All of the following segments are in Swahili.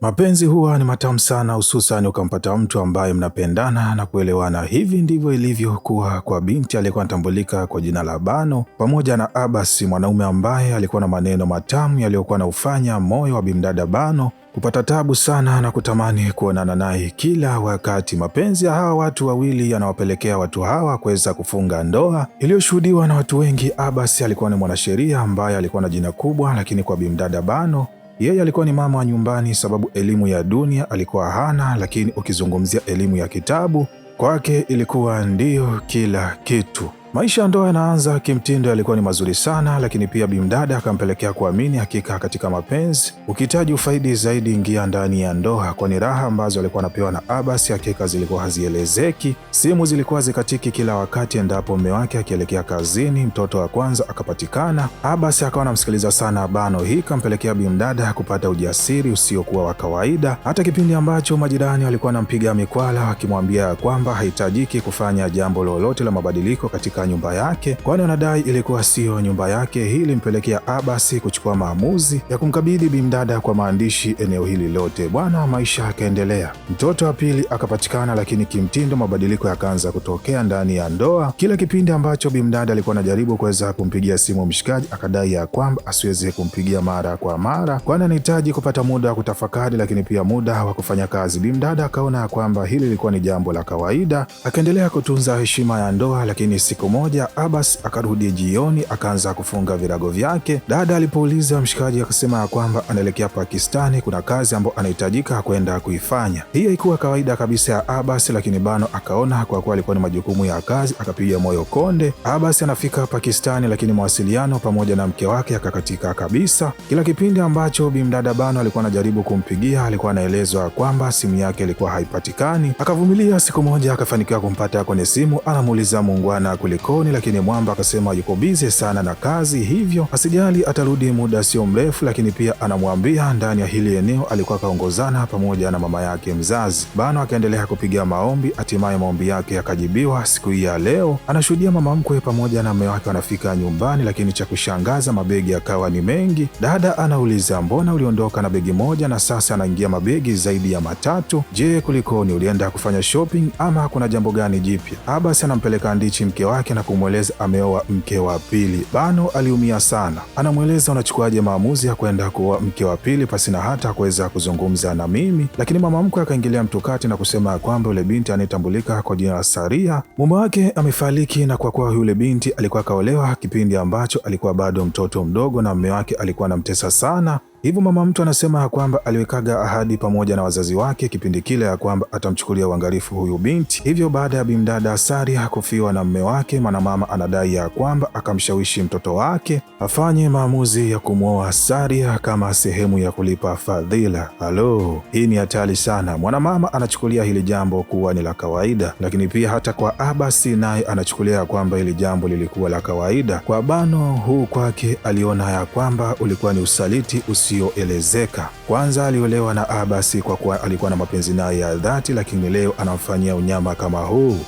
Mapenzi huwa ni matamu sana, hususan ukampata mtu ambaye mnapendana na kuelewana. Hivi ndivyo ilivyokuwa kwa binti aliyekuwa anatambulika kwa jina la Bano pamoja na Abbas, mwanaume ambaye alikuwa na maneno matamu yaliyokuwa na ufanya moyo wa bimdada Bano kupata tabu sana na kutamani kuonana naye kila wakati. Mapenzi ya hawa watu wawili yanawapelekea watu hawa kuweza kufunga ndoa iliyoshuhudiwa na watu wengi. Abbas alikuwa ni mwanasheria ambaye alikuwa na jina kubwa, lakini kwa bimdada Bano yeye alikuwa ni mama wa nyumbani, sababu elimu ya dunia alikuwa hana, lakini ukizungumzia elimu ya kitabu kwake ilikuwa ndiyo kila kitu. Maisha ya ndoa yanaanza kimtindo yalikuwa ni mazuri sana, lakini pia bimdada akampelekea kuamini hakika katika mapenzi. Ukihitaji ufaidi zaidi, ingia ndani ya ndoa, kwani raha ambazo alikuwa anapewa na Abbas hakika zilikuwa hazielezeki. Simu zilikuwa zikatiki kila wakati endapo mume wake akielekea kazini. Mtoto wa kwanza akapatikana, Abbas akawa anamsikiliza sana bano. Hii kampelekea bimdada kupata ujasiri usiokuwa wa kawaida, hata kipindi ambacho majirani walikuwa nampiga mikwala wakimwambia kwamba haitajiki kufanya jambo lolote la mabadiliko katika katika nyumba yake, kwani wanadai ilikuwa siyo nyumba yake. Hii ilimpelekea Abasi kuchukua maamuzi ya kumkabidhi bimdada kwa maandishi eneo hili lote. Bwana, maisha yakaendelea. Mtoto wa pili akapatikana, lakini kimtindo mabadiliko yakaanza kutokea ndani ya ndoa. Kila kipindi ambacho bimdada alikuwa anajaribu kuweza kumpigia simu mshikaji, akadai ya kwamba asiweze kumpigia mara kwa mara, kwani anahitaji kupata muda wa kutafakari, lakini pia muda wa kufanya kazi. Bimdada akaona ya kwamba hili lilikuwa ni jambo la kawaida, akaendelea kutunza heshima ya ndoa, lakini siku Siku moja Abbas akarudi jioni, akaanza kufunga virago vyake. Dada alipouliza mshikaji akasema ya kwamba anaelekea Pakistani, kuna kazi ambayo anahitajika kwenda kuifanya. Hii haikuwa kawaida kabisa ya Abbas, lakini bano akaona kwa kuwa alikuwa ni majukumu ya kazi, akapiga moyo konde. Abbas anafika Pakistani, lakini mawasiliano pamoja na mke wake akakatika kabisa. Kila kipindi ambacho bimdada bano alikuwa anajaribu kumpigia, alikuwa anaelezwa kwamba simu yake ilikuwa haipatikani. Akavumilia, siku moja akafanikiwa kumpata kwenye simu, anamuuliza muungwana kuli jikoni, lakini Mwamba akasema yuko bize sana na kazi, hivyo asijali atarudi muda sio mrefu, lakini pia anamwambia ndani ya hili eneo alikuwa akaongozana pamoja na mama yake mzazi. Bano akaendelea kupiga maombi, hatimaye maombi yake yakajibiwa. Siku hii ya leo anashuhudia mama mkwe pamoja na mume wake wanafika nyumbani, lakini cha kushangaza mabegi yakawa ni mengi. Dada anauliza mbona uliondoka na begi moja na sasa anaingia mabegi zaidi ya matatu? Je, kulikoni? Ulienda kufanya shopping ama kuna jambo gani jipya? Abasi ah, anampeleka Ndichi mke wake kwake na kumweleza ameoa mke wa pili. Bano aliumia sana, anamweleza unachukuaje maamuzi ya kwenda kuoa mke wa pili pasina hata kuweza kuzungumza na mimi, lakini mama mkwe akaingilia mtukati na kusema ya kwamba yule binti anayetambulika kwa jina la Saria mume wake amefariki, na kwa kuwa yule binti alikuwa akaolewa kipindi ambacho alikuwa bado mtoto mdogo na mume wake alikuwa anamtesa sana Hivyo mama mtu anasema ya kwamba aliwekaga ahadi pamoja na wazazi wake kipindi kile ya kwamba atamchukulia uangalifu huyu binti. Hivyo baada ya bimdada Asari hakufiwa na mme wake, mwanamama anadai ya kwamba akamshawishi mtoto wake afanye maamuzi ya kumwoa Asari kama sehemu ya kulipa fadhila. Halo, hii ni hatari sana. Mwanamama anachukulia hili jambo kuwa ni la kawaida, lakini pia hata kwa Abasi naye anachukulia ya kwamba hili jambo lilikuwa la kawaida. Kwa bano huu kwake aliona ya kwamba ulikuwa ni usaliti usi usioelezeka. Kwanza aliolewa na Abasi kwa kuwa alikuwa na mapenzi naye ya dhati, lakini leo anamfanyia unyama kama huu.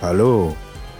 Halo,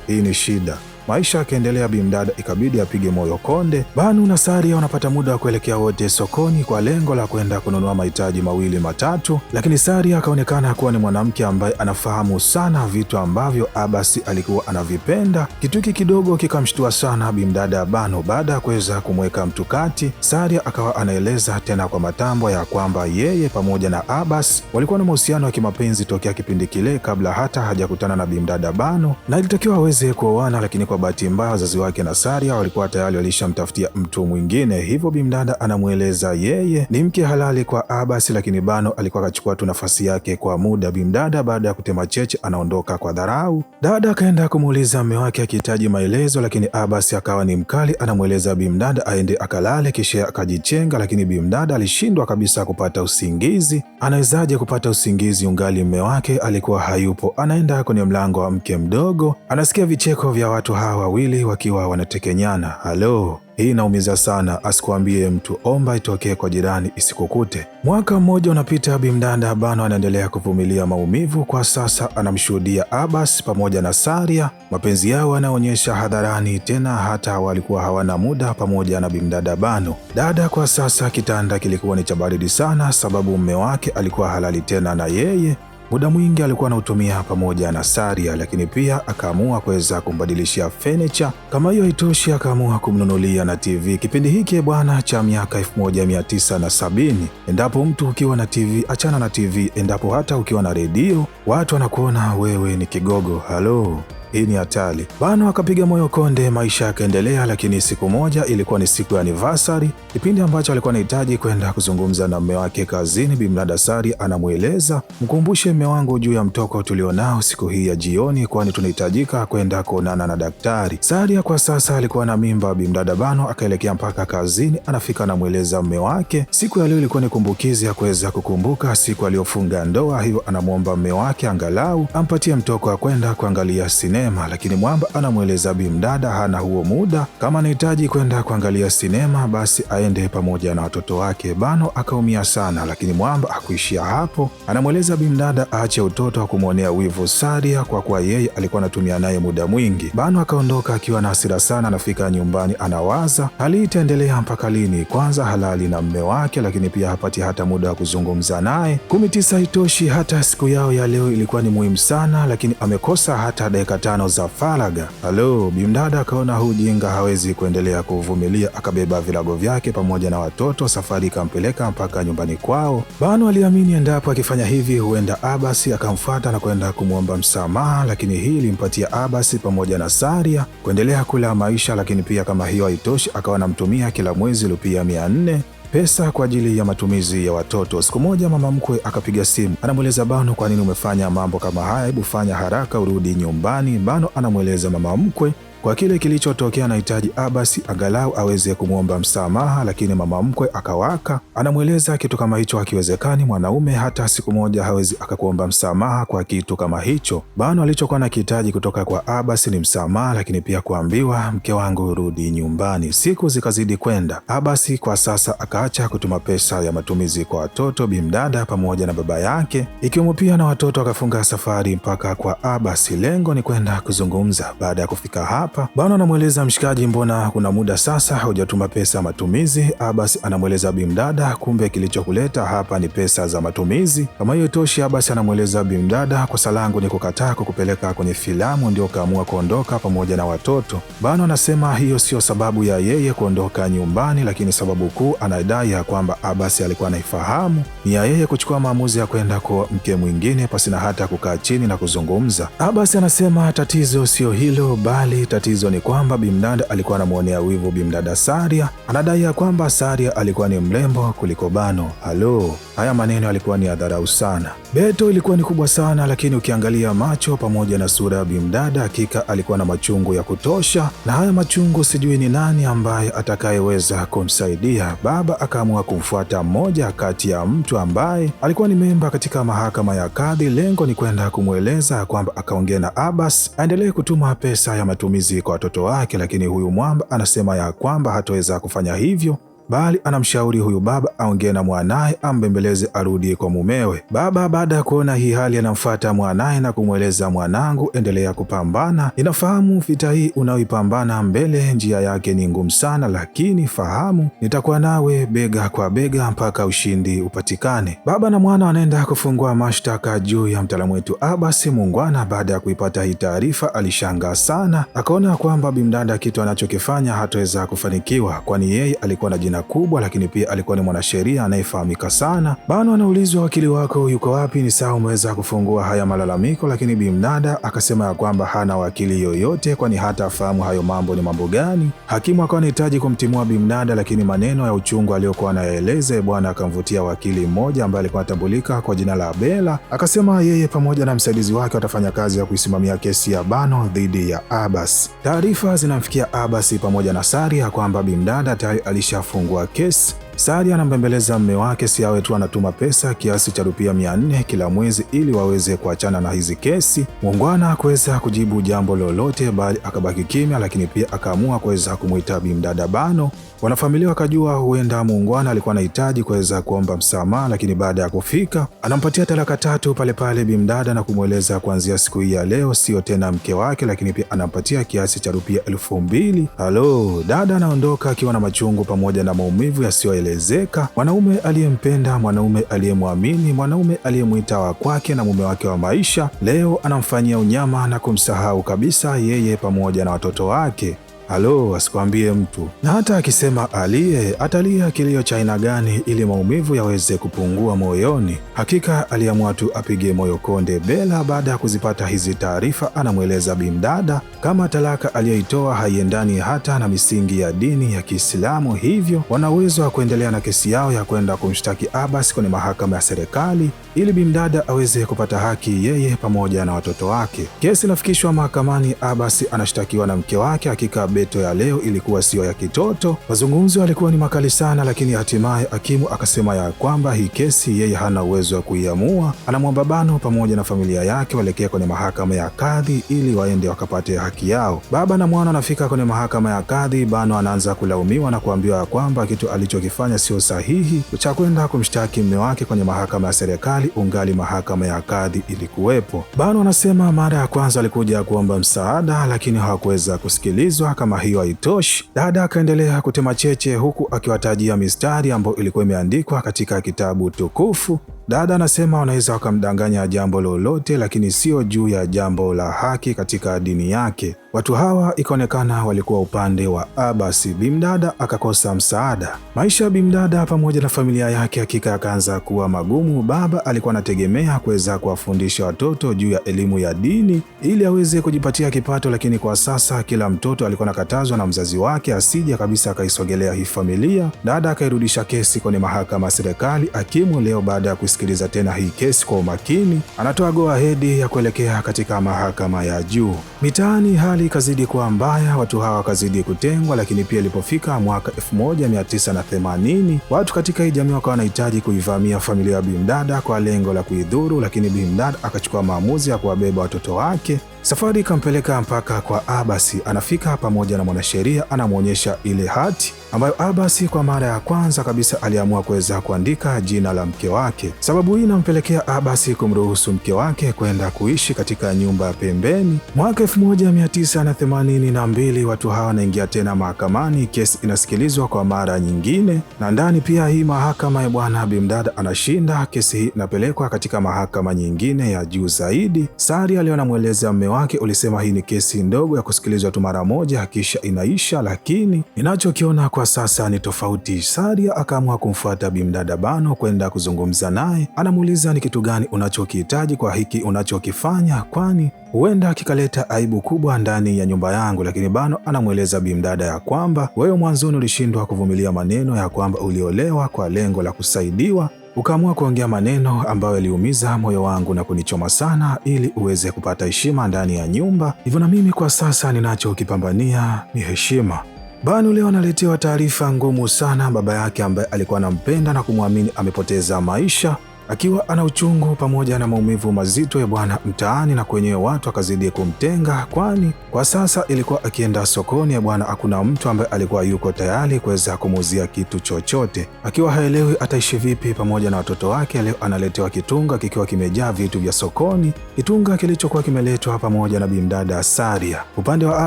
hii ni shida. Maisha yakaendelea, bimdada ikabidi apige moyo konde. Banu na Saria wanapata muda wa kuelekea wote sokoni kwa lengo la kwenda kununua mahitaji mawili matatu, lakini Saria akaonekana kuwa ni mwanamke ambaye anafahamu sana vitu ambavyo Abasi alikuwa anavipenda. Kitu hiki kidogo kikamshtua sana bimdada Banu. Baada ya kuweza kumweka mtu kati, Saria akawa anaeleza tena kwa matambo ya kwamba yeye pamoja na Abas walikuwa na mahusiano ya kimapenzi tokea kipindi kile kabla hata hajakutana na bimdada Banu, na ilitakiwa aweze kuoana lakini kwa bahati mbaya, wazazi wake na Saria walikuwa tayari walishamtafutia mtu mwingine, hivyo Bimdada anamweleza yeye ni mke halali kwa Abasi, lakini Bano alikuwa akachukua tu nafasi yake kwa muda. Bimdada baada ya kutema cheche anaondoka kwa dharau. Dada akaenda kumuuliza mme wake akihitaji maelezo, lakini Abasi akawa ni mkali, anamweleza Bimdada aende akalale, kisha akajichenga, lakini Bimdada alishindwa kabisa kupata usingizi. Anawezaje kupata usingizi ungali mme wake alikuwa hayupo? Anaenda kwenye mlango wa mke mdogo, anasikia vicheko vya watu hawa wawili wakiwa wanatekenyana. Halo, hii inaumiza sana, asikuambie mtu, omba itokee kwa jirani isikukute. Mwaka mmoja unapita, Bimdada bano anaendelea kuvumilia maumivu. Kwa sasa anamshuhudia Abbas pamoja na Saria, mapenzi yao anaonyesha hadharani tena, hata walikuwa hawana muda pamoja na Bimdada bano. Dada kwa sasa kitanda kilikuwa ni cha baridi sana, sababu mume wake alikuwa halali tena na yeye Muda mwingi alikuwa anautumia pamoja na Saria, lakini pia akaamua kuweza kumbadilishia furniture. Kama hiyo haitoshi, akaamua kumnunulia na TV. Kipindi hiki bwana cha miaka 1970, endapo mtu ukiwa na TV, achana na TV, endapo hata ukiwa na redio watu wanakuona wewe ni kigogo. Halo, hii ni hatari bana. akapiga moyo konde, maisha yakaendelea. Lakini siku moja ilikuwa ni siku ya anniversary, kipindi ambacho alikuwa anahitaji kwenda kuzungumza na mme wake kazini. Bimrada Sari anamweleza mkumbushe mme wangu juu ya mtoko tulionao siku hii ya jioni, kwani tunahitajika kwenda kuonana na daktari. Saria kwa sasa alikuwa na mimba. Bimdada Bano akaelekea mpaka kazini, anafika anamweleza mme wake siku ya leo ilikuwa ni kumbukizi ya kuweza kukumbuka siku aliyofunga ndoa, hivyo anamwomba mme wake angalau ampatie mtoko wa kwenda kuangalia sinema sinema, lakini Mwamba anamweleza Bi Mdada hana huo muda, kama anahitaji kwenda kuangalia sinema basi aende pamoja na watoto wake. Bano akaumia sana, lakini Mwamba hakuishia hapo, anamweleza Bi Mdada aache utoto wa kumwonea wivu saria kwa kuwa yeye alikuwa anatumia naye muda mwingi. Bano akaondoka akiwa na hasira sana, anafika nyumbani anawaza hali itaendelea mpaka lini? Kwanza halali na mme wake, lakini pia hapati hata muda wa kuzungumza naye. kumi tisa itoshi, hata siku yao ya leo ilikuwa ni muhimu sana, lakini amekosa hata dakika mikutano za faraga. Halo, bimdada akaona hujinga hawezi kuendelea kuvumilia, akabeba vilago vyake pamoja na watoto, safari ikampeleka mpaka nyumbani kwao. Bano aliamini endapo akifanya hivi huenda Abasi akamfuata na kwenda kumwomba msamaha, lakini hii ilimpatia Abasi pamoja na Saria kuendelea kula maisha. Lakini pia kama hiyo haitoshi, akawa anamtumia kila mwezi rupia mia nne pesa kwa ajili ya matumizi ya watoto. Siku moja mama mkwe akapiga simu, anamweleza Bano, kwa nini umefanya mambo kama haya? Hebu fanya haraka urudi nyumbani. Bano anamweleza mama mkwe kwa kile kilichotokea, anahitaji Abasi angalau aweze kumwomba msamaha, lakini mama mkwe akawaka, anamweleza kitu kama hicho hakiwezekani. Mwanaume hata siku moja hawezi akakuomba msamaha kwa kitu kama hicho. Bano alichokuwa kihitaji kutoka kwa Abasi ni msamaha, lakini pia kuambiwa mke wangu rudi nyumbani. Siku zikazidi kwenda, Abasi kwa sasa akaacha kutuma pesa ya matumizi kwa watoto, bimdada pamoja na baba yake, ikiwemo pia na watoto. Akafunga safari mpaka kwa Abasi, lengo ni kwenda kuzungumza. Baada ya kufika hapa hapa bana, anamweleza mshikaji, mbona kuna muda sasa hujatuma pesa matumizi? abas anamweleza bimdada, kumbe kilichokuleta hapa ni pesa za matumizi. Kama hiyo toshi, abas anamweleza bimdada, kosa langu ni kukataa kukupeleka kwenye filamu, ndio kaamua kuondoka pamoja na watoto. Bana anasema hiyo sio sababu ya yeye kuondoka nyumbani, lakini sababu kuu anadai ya kwamba Abasi alikuwa anaifahamu ni ya yeye kuchukua maamuzi ya kwenda kwa mke mwingine pasina hata kukaa chini na kuzungumza. Abasi anasema tatizo sio hilo bali tatizo Tatizo ni kwamba Bimdada alikuwa anamwonea wivu Bimdada Saria, anadai ya kwamba Saria alikuwa ni mrembo kuliko Bano. Halo, haya maneno alikuwa ni adharau sana. Beto ilikuwa ni kubwa sana, lakini ukiangalia macho pamoja na sura ya Bimdada, hakika alikuwa na machungu ya kutosha, na haya machungu sijui ni nani ambaye atakayeweza kumsaidia. Baba akaamua kumfuata mmoja kati ya mtu ambaye alikuwa ni memba katika mahakama ya kadhi. Lengo ni kwenda kumweleza kwamba akaongea na Abbas aendelee kutuma pesa ya matumizi maangamizi kwa watoto wake, lakini huyu mwamba anasema ya kwamba hataweza kufanya hivyo bali anamshauri huyu baba aongee na mwanaye ambembeleze arudi kwa mumewe. Baba baada ya kuona hii hali anamfuata mwanaye na kumweleza, mwanangu, endelea kupambana. Ninafahamu vita hii unaoipambana mbele, njia yake ni ngumu sana, lakini fahamu nitakuwa nawe bega kwa bega mpaka ushindi upatikane. Baba na mwana wanaenda kufungua mashtaka juu ya mtaalamu wetu Abbas. Mungwana baada ya kuipata hii taarifa alishangaa sana, akaona kwamba bimdada kitu anachokifanya hataweza kufanikiwa, kwani yeye alikuwa na jina jina kubwa, lakini pia alikuwa ni mwanasheria anayefahamika sana. Bano anaulizwa wakili wako yuko wapi, ni saa umeweza kufungua haya malalamiko, lakini Bimnada akasema ya kwamba hana wakili yoyote, kwani hata afahamu hayo mambo ni mambo gani. Hakimu akawa anahitaji kumtimua Bimnada, lakini maneno ya uchungu aliyokuwa anayaeleza bwana akamvutia wakili mmoja ambaye alikuwa anatambulika kwa jina la Bela, akasema yeye pamoja na msaidizi wake watafanya kazi ya kuisimamia kesi ya Bano dhidi ya Abbas. Taarifa zinamfikia Abbas pamoja na Sari ya kwamba Bimdada tayari alishafungua kufungua kesi. Sadia anambembeleza mme wake si awe tu anatuma pesa kiasi cha rupia 400 kila mwezi ili waweze kuachana na hizi kesi. mungwana hakuweza kujibu jambo lolote, bali akabaki kimya, lakini pia akaamua kuweza kumwita bimdada Bano Wanafamilia wakajua huenda muungwana alikuwa anahitaji kuweza kuomba msamaha, lakini baada ya kufika anampatia talaka tatu palepale bimdada na kumweleza kuanzia siku hii ya leo sio tena mke wake, lakini pia anampatia kiasi cha rupia elfu mbili. Halo dada anaondoka akiwa na machungu pamoja na maumivu yasiyoelezeka. Mwanaume aliyempenda, mwanaume aliyemwamini, mwanaume aliyemwita wa kwake na mume wake wa maisha, leo anamfanyia unyama na kumsahau kabisa yeye pamoja na watoto wake. Halo, asikwambie mtu, na hata akisema aliye, atalia kilio cha aina gani ili maumivu yaweze kupungua moyoni? Hakika aliamua tu apige moyo konde. Bela baada ya kuzipata hizi taarifa, anamweleza bimdada kama talaka aliyoitoa haiendani hata na misingi ya dini ya Kiislamu, hivyo wana uwezo wa kuendelea na kesi yao ya kwenda kumshtaki Abbas kwenye mahakama ya serikali ili bimdada aweze kupata haki yeye pamoja na watoto wake. Kesi inafikishwa mahakamani, Abasi anashtakiwa na mke wake. Hakika beto ya leo ilikuwa siyo ya kitoto, mazungumzo yalikuwa ni makali sana, lakini hatimaye hakimu akasema ya kwamba hii kesi yeye hana uwezo wa kuiamua. Anamwomba Bano pamoja na familia yake waelekea kwenye mahakama ya kadhi ili waende wakapate haki yao. Baba na mwana anafika kwenye mahakama ya kadhi, Bano anaanza kulaumiwa na kuambiwa ya kwamba kitu alichokifanya sio sahihi cha kwenda kumshtaki mme wake kwenye mahakama ya serikali serikali ungali mahakama ya kadhi ilikuwepo. Bano anasema mara ya kwanza alikuja kuomba msaada, lakini hawakuweza kusikilizwa. Kama hiyo haitoshi, dada akaendelea kutema cheche, huku akiwatajia mistari ambayo ilikuwa imeandikwa katika kitabu tukufu. Dada anasema wanaweza wakamdanganya jambo lolote, lakini sio juu ya jambo la haki katika dini yake. Watu hawa ikaonekana walikuwa upande wa Abasi. Bimdada akakosa msaada. Maisha ya Bimdada pamoja na familia yake hakika yakaanza kuwa magumu. Baba alikuwa anategemea kuweza kuwafundisha watoto juu ya elimu ya dini ili aweze kujipatia kipato, lakini kwa sasa kila mtoto alikuwa anakatazwa na mzazi wake asija kabisa akaisogelea hii familia. Dada akairudisha kesi kwenye mahakama ya serikali. Hakimu leo baada ya kusikiliza tena hii kesi kwa umakini, anatoa go ahead ya kuelekea katika mahakama ya juu. Mitaani hali Hali ikazidi kuwa mbaya, watu hawa wakazidi kutengwa. Lakini pia ilipofika mwaka 1980 watu katika hii jamii wakawa wanahitaji kuivamia familia ya Bimdada kwa lengo la kuidhuru, lakini Bimdada akachukua maamuzi ya kuwabeba watoto wake Safari ikampeleka mpaka kwa Abasi. Anafika pamoja na mwanasheria, anamwonyesha ile hati ambayo Abasi kwa mara ya kwanza kabisa aliamua kuweza kuandika jina la mke wake. Sababu hii inampelekea Abasi kumruhusu mke wake kwenda kuishi katika nyumba ya pembeni. Mwaka 1982 watu hawa wanaingia tena mahakamani, kesi inasikilizwa kwa mara nyingine, na ndani pia hii mahakama ya bwana Bimdada anashinda. Kesi hii inapelekwa katika mahakama nyingine ya juu zaidi. Sari aliona mweleza wake ulisema hii ni kesi ndogo ya kusikilizwa tu mara moja, kisha inaisha, lakini ninachokiona kwa sasa ni tofauti. Sadia akaamua kumfuata bimdada Bano kwenda kuzungumza naye. Anamuuliza ni kitu gani unachokihitaji kwa hiki unachokifanya, kwani huenda kikaleta aibu kubwa ndani ya nyumba yangu. Lakini Bano anamweleza bimdada ya kwamba wewe mwanzoni ulishindwa kuvumilia maneno ya kwamba uliolewa kwa lengo la kusaidiwa Ukaamua kuongea maneno ambayo yaliumiza moyo wangu na kunichoma sana, ili uweze kupata heshima ndani ya nyumba. Hivyo na mimi kwa sasa ninachokipambania ni heshima. Banu leo analetewa taarifa ngumu sana. Baba yake ambaye alikuwa anampenda na kumwamini amepoteza maisha. Akiwa ana uchungu pamoja na maumivu mazito ya bwana mtaani na kwenye watu akazidi kumtenga, kwani kwa sasa ilikuwa akienda sokoni ya bwana hakuna mtu ambaye alikuwa yuko tayari kuweza kumuuzia kitu chochote, akiwa haelewi ataishi vipi pamoja na watoto wake. Leo analetewa kitunga kikiwa kimejaa vitu vya sokoni, kitunga kilichokuwa kimeletwa pamoja na bimdada Saria. Upande wa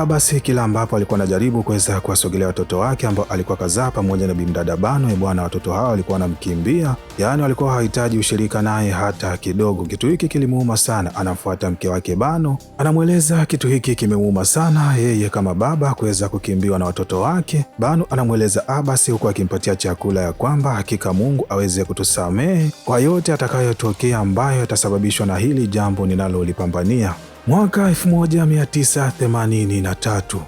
Abasi, kila ambapo alikuwa anajaribu kuweza kuwasogelea watoto wake ambao alikuwa kazaa pamoja na bimdada Bano ya bwana, watoto hao walikuwa wanamkimbia, yaani walikuwa hawahitaji kushirika naye hata kidogo. Kitu hiki kilimuuma sana. Anamfuata mke wake Bano, anamweleza kitu hiki kimemuuma sana yeye kama baba kuweza kukimbiwa na watoto wake. Bano anamweleza Abasi huku akimpatia chakula ya kwamba hakika Mungu aweze kutusamehe kwa yote atakayotokea ambayo yatasababishwa na hili jambo ninalolipambania. Mwaka 1983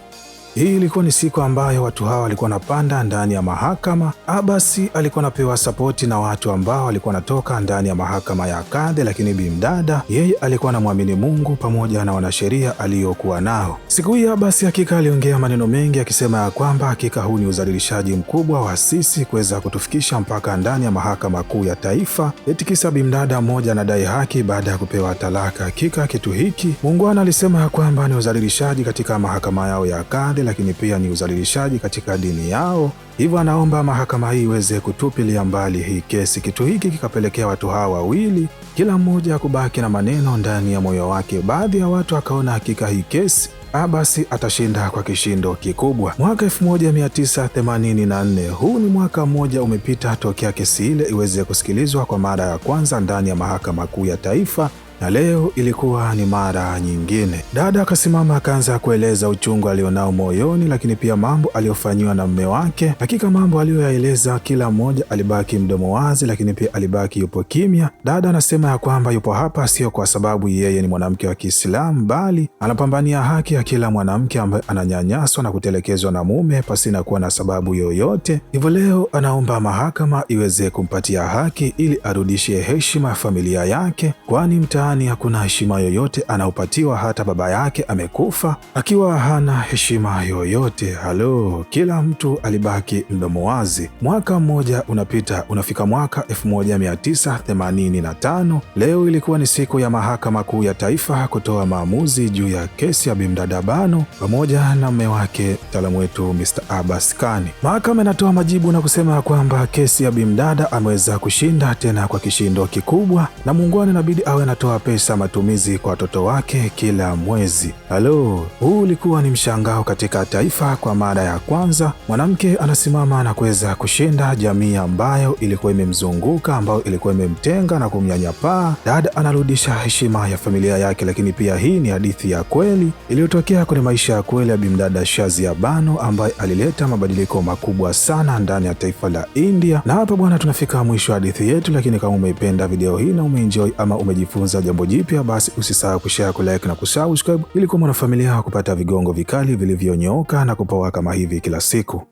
hii ilikuwa ni siku ambayo watu hawa walikuwa wanapanda ndani ya mahakama. Abasi alikuwa anapewa sapoti na watu ambao walikuwa wanatoka ndani ya mahakama ya Kade, lakini bimdada yeye alikuwa anamwamini Mungu pamoja na wanasheria aliyokuwa nao siku hii. Abasi hakika aliongea maneno mengi akisema ya kwamba hakika huu ni uzalilishaji mkubwa wa sisi kuweza kutufikisha mpaka ndani ya mahakama kuu ya taifa, eti kisa bimdada mmoja anadai haki baada ya kupewa talaka. Hakika kitu hiki muungwana alisema ya kwamba ni uzalilishaji katika mahakama yao ya Kade jihadi, lakini pia ni uzalilishaji katika dini yao. Hivyo anaomba mahakama hii iweze kutupilia mbali hii kesi. Kitu hiki kikapelekea watu hawa wawili kila mmoja kubaki na maneno ndani ya moyo wake. Baadhi ya watu akaona hakika hii kesi ah, basi atashinda kwa kishindo kikubwa. Mwaka 1984 huu ni mwaka mmoja umepita tokea kesi ile iweze kusikilizwa kwa mara ya kwanza ndani ya mahakama kuu ya taifa na leo ilikuwa ni mara nyingine. Dada akasimama akaanza kueleza uchungu alionao moyoni, lakini pia mambo aliyofanyiwa na mme wake. Hakika mambo aliyoyaeleza, kila mmoja alibaki mdomo wazi, lakini pia alibaki yupo kimya. Dada anasema ya kwamba yupo hapa sio kwa sababu yeye ni mwanamke wa Kiislamu, bali anapambania haki ya kila mwanamke ambaye ananyanyaswa na kutelekezwa na mume pasina kuwa na sababu yoyote. Hivyo leo anaomba mahakama iweze kumpatia haki ili arudishe heshima ya familia yake, kwani mtaa mtaani hakuna heshima yoyote anaopatiwa, hata baba yake amekufa akiwa hana heshima yoyote. Halo, kila mtu alibaki mdomo wazi. Mwaka mmoja unapita, unafika mwaka 1985. Leo ilikuwa ni siku ya Mahakama Kuu ya Taifa kutoa maamuzi juu ya kesi ya Bimdada Bano pamoja na mme wake mtaalamu wetu Mr. Abbas Kani. Mahakama inatoa majibu na kusema kwamba kesi ya Bimdada ameweza kushinda tena kwa kishindo kikubwa, na muungwana inabidi awe anatoa pesa matumizi kwa watoto wake kila mwezi. Halo, huu ulikuwa ni mshangao katika taifa. Kwa mara ya kwanza mwanamke anasimama na kuweza kushinda jamii ambayo ilikuwa imemzunguka, ambayo ilikuwa imemtenga na kumnyanyapaa. Dada anarudisha heshima ya familia yake, lakini pia hii ni hadithi ya kweli iliyotokea kwenye maisha ya kweli ya bimdada Shazia Bano ambaye alileta mabadiliko makubwa sana ndani ya taifa la India. Na hapa bwana, tunafika mwisho wa hadithi yetu, lakini kama umeipenda video hii na umeenjoy ama umejifunza jambo jipya, basi usisahau kushare, kulike na kusubscribe ili kuwa mwanafamilia wa kupata vigongo vikali vilivyonyooka na kupoa kama hivi kila siku.